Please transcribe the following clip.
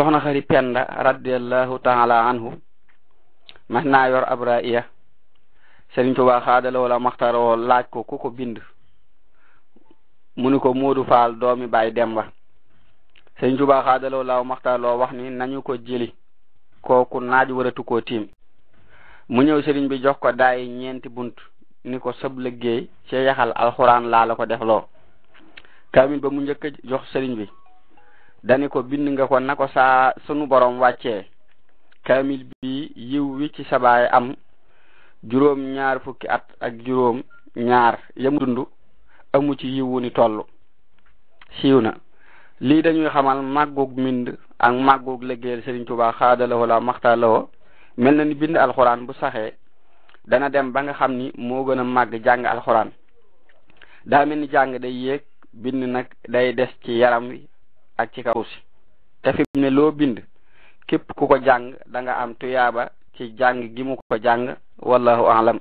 soxna xari penda radiyallahu ta'ala anhu mas naa yor ab raiya sëriñ tuba xaada la wala maxtaro laaj ko ku ko bind mu ni ko moodu faal doomi bàyyi dem ba sëriñ tuba xaada la wala maxtaro wax ni nañu ko jëli kooku naaj waratu koo tiim mu ñëw sëriñ bi jox ko daayi ñeenti bunt ni ko sëb lëggéey ca yaxal alxuraan laa la ko defloo kamin ba mu njëkk jox sëriñ bi dani ko bind nga ko na ko saa sunu borom wàccee kamil bi yiw wi ci sabaay am juróom ñaar fukki at ak juróom ñaar yamu dund amu ci yiwu ni toll siiw na lii dañuy xamal màggug mind ak màggug liggéeyal Sëriñ Tuubaa xaadalawoo la maxtaalawoo mel na ni bind alxuraan bu saxee dana dem ba nga xam ni moo gën a màgg jàng alxuraan daa ni jàng day yéeg bind nag day des ci yaram wi ak ci kaw si te fi mu ne loo bind képp ku ko jàng da am tuyaaba ci jàng gi mu ko jàng wallahu alam